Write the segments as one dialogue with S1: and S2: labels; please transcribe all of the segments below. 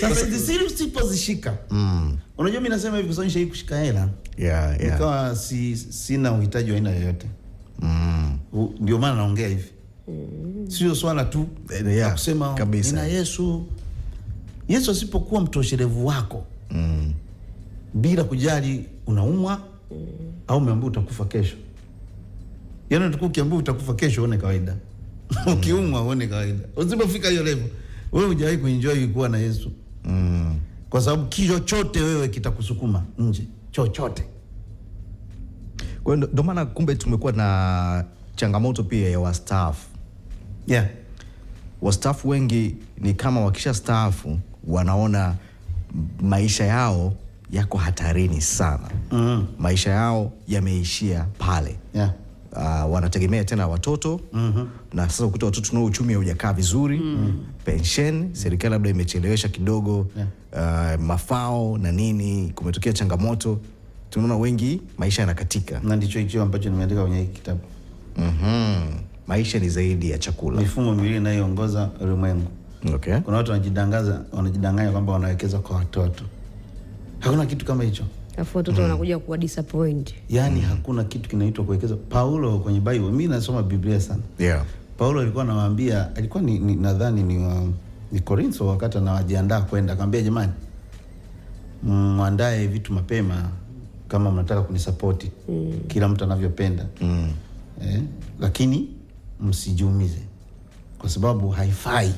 S1: Sasa zile sipozishika mm. Unajua mimi nasema hivi kwa sababu nishai kushika hela yeah, yeah. Nikawa si, sina uhitaji wa aina yoyote mm. Ndio maana naongea hivi mm. Sio swala tu eh, yeah, kusema kabisa. Nina Yesu. Yesu asipokuwa mtosherevu wako mm. Bila kujali unaumwa mm. au umeambiwa utakufa kesho, yaani ukiambiwa utakufa kesho uone kawaida ukiumwa uone kawaida usipofika hiyo level wewe hujawahi kuenjoy kuwa na Yesu mm. Kwa sababu kichochote wewe kitakusukuma nje, chochote.
S2: Kwa hiyo ndo maana kumbe tumekuwa na changamoto pia ya wastaafu yeah. Wastaafu wengi ni kama wakisha staafu wanaona maisha yao yako hatarini sana mm. Maisha yao yameishia pale yeah uh, wanategemea tena watoto
S1: mm -hmm.
S2: na sasa ukuta watoto nao uchumi haujakaa vizuri mm -hmm. pension serikali labda imechelewesha kidogo yeah. uh, mafao na nini, kumetokea changamoto, tunaona wengi maisha yanakatika,
S1: na ndicho hicho ambacho nimeandika kwenye kitabu
S2: mm -hmm. maisha ni zaidi ya chakula,
S1: mifumo miwili inayoongoza ulimwengu okay. kuna watu wanajidangaza wanajidanganya kwamba wanawekeza kwa watoto, hakuna kitu kama hicho
S3: afu watoto mm. wanakuja kuwa disappoint.
S1: Yaani hakuna kitu kinaitwa kuwekeza. Paulo kwenye Bible, mimi nasoma Biblia sana. Yeah. Paulo alikuwa anawaambia, alikuwa ni, ni nadhani ni wa, ni Korintho wakati anawajiandaa kwenda, akamwambia jamani, mwandae vitu mapema kama mnataka kunisapoti mm. kila mtu anavyopenda mm. eh, lakini msijiumize kwa sababu haifai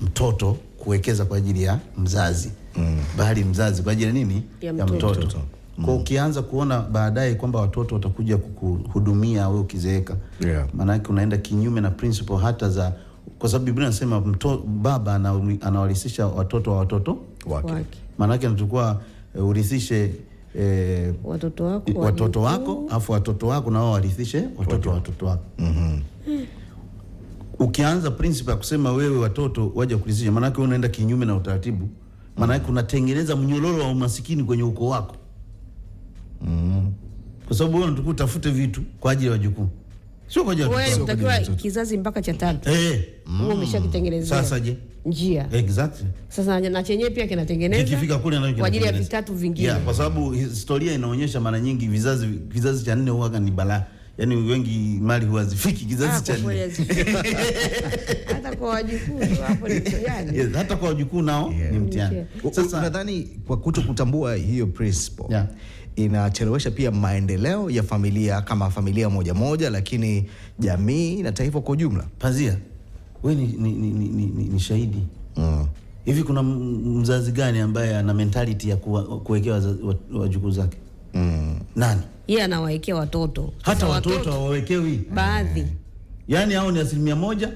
S1: mtoto kuwekeza kwa ajili ya mzazi mm. bali mzazi kwa ajili ya nini?
S3: Ya mtoto, ya mtoto.
S1: Kwa ukianza kuona baadaye kwamba watoto watakuja kukuhudumia wewe ukizeeka, yeah. Maanake unaenda kinyume na principle hata za, kwa sababu Biblia inasema baba anawalisisha watoto wa watoto wake, maanake anatakuwa uh, eh, urithishe eh,
S3: watoto wako
S1: watoto wako afu watoto wako nao warithishe watoto watoto wako.
S2: mm -hmm.
S1: Ukianza principle ya kusema wewe watoto waje kurithisha, maanake unaenda kinyume na utaratibu, maanake unatengeneza mnyororo wa umasikini kwenye ukoo wako mm. kwa sababu wewe unatakiwa utafute vitu kwa ajili ya wajukuu, sio kwa ajili ya
S3: wewe. Unatakiwa kizazi mpaka cha tatu eh, mm. wewe umeshakitengenezea sasa. Je, njia exactly. Sasa na chenyewe pia kinatengeneza
S1: kikifika kule na
S3: kwa ajili ya vitatu vingine
S1: yeah, kwa sababu historia inaonyesha mara nyingi vizazi vizazi cha nne huwa ni balaa, yaani wengi mali huwa hazifiki kizazi ah, cha nne
S3: hata kwa wajukuu hapo ni
S1: hata kwa wajukuu nao yeah, ni mtihani.
S2: Sasa nadhani kwa kutambua hiyo principle yeah, inachelewesha pia maendeleo ya familia kama familia moja moja, lakini jamii na taifa kwa ujumla.
S1: Pazia, we ni, ni, ni, ni, ni, ni shahidi mm. Hivi kuna mzazi gani ambaye ana mentality ya kuwekea wajukuu zake mm? Nani
S3: yeye anawaekea watoto,
S1: hata watoto hawawekewi baadhi, yaani hao ni asilimia moja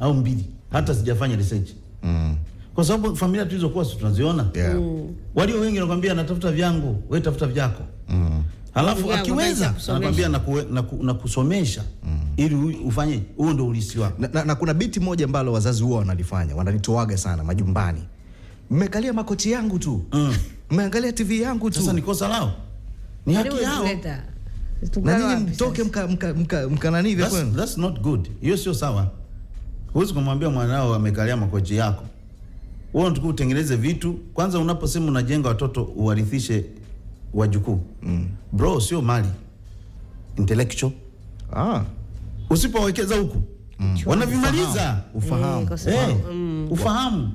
S1: au mbili, hata sijafanya research mm. kwa sababu familia tulizokuwa si tunaziona yeah. mm. walio wengi nakwambia, natafuta vyangu, wewe tafuta vyako mm. halafu akiweza nakwambia na kusomesha mm. ili ufanye, huo ndio ulisi wako
S2: na, na, na kuna biti moja ambalo wazazi huwa wanalifanya, wananitoaga sana majumbani, mmekalia makochi yangu tu mm. mmeangalia TV yangu tu.
S1: Sasa ni kosa lao, ni haki yao
S2: na nyinyi mtoke mka mka mka, mka nani hivi kwenu,
S1: that's not good, hiyo sio sawa. Huwezi kumwambia mwanao amekalia makochi yako. Wewe unatakiwa utengeneze vitu kwanza. Unaposema unajenga watoto uwarithishe wajukuu mm. Bro, sio mali intellectual. Ah, usipowekeza huku mm. wanavimaliza ufahamu, ufahamu. Eh, eh, Mm. ufahamu.